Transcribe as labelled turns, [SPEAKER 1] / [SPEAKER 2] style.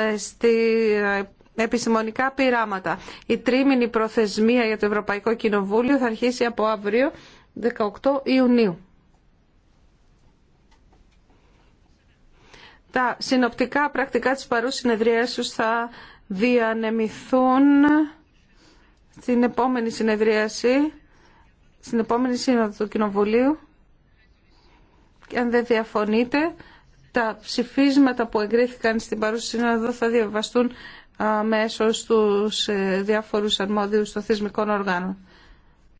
[SPEAKER 1] Ε, στη ε, επιστημονικά πειράματα. Η τρίμηνη προθεσμία για το Ευρωπαϊκό Κοινοβούλιο θα αρχίσει από αύριο 18 Ιουνίου. Τα συνοπτικά πρακτικά της παρούς συνεδρίασης θα διανεμηθούν στην επόμενη συνεδρίαση, στην επόμενη σύνοδο του Κοινοβουλίου και αν δεν διαφωνείτε τα ψηφίσματα που εγκρίθηκαν στην παρούσα σύνοδο θα διαβαστούν μέσω στους ε, διάφορους αρμόδιους των θεσμικών
[SPEAKER 2] οργάνων.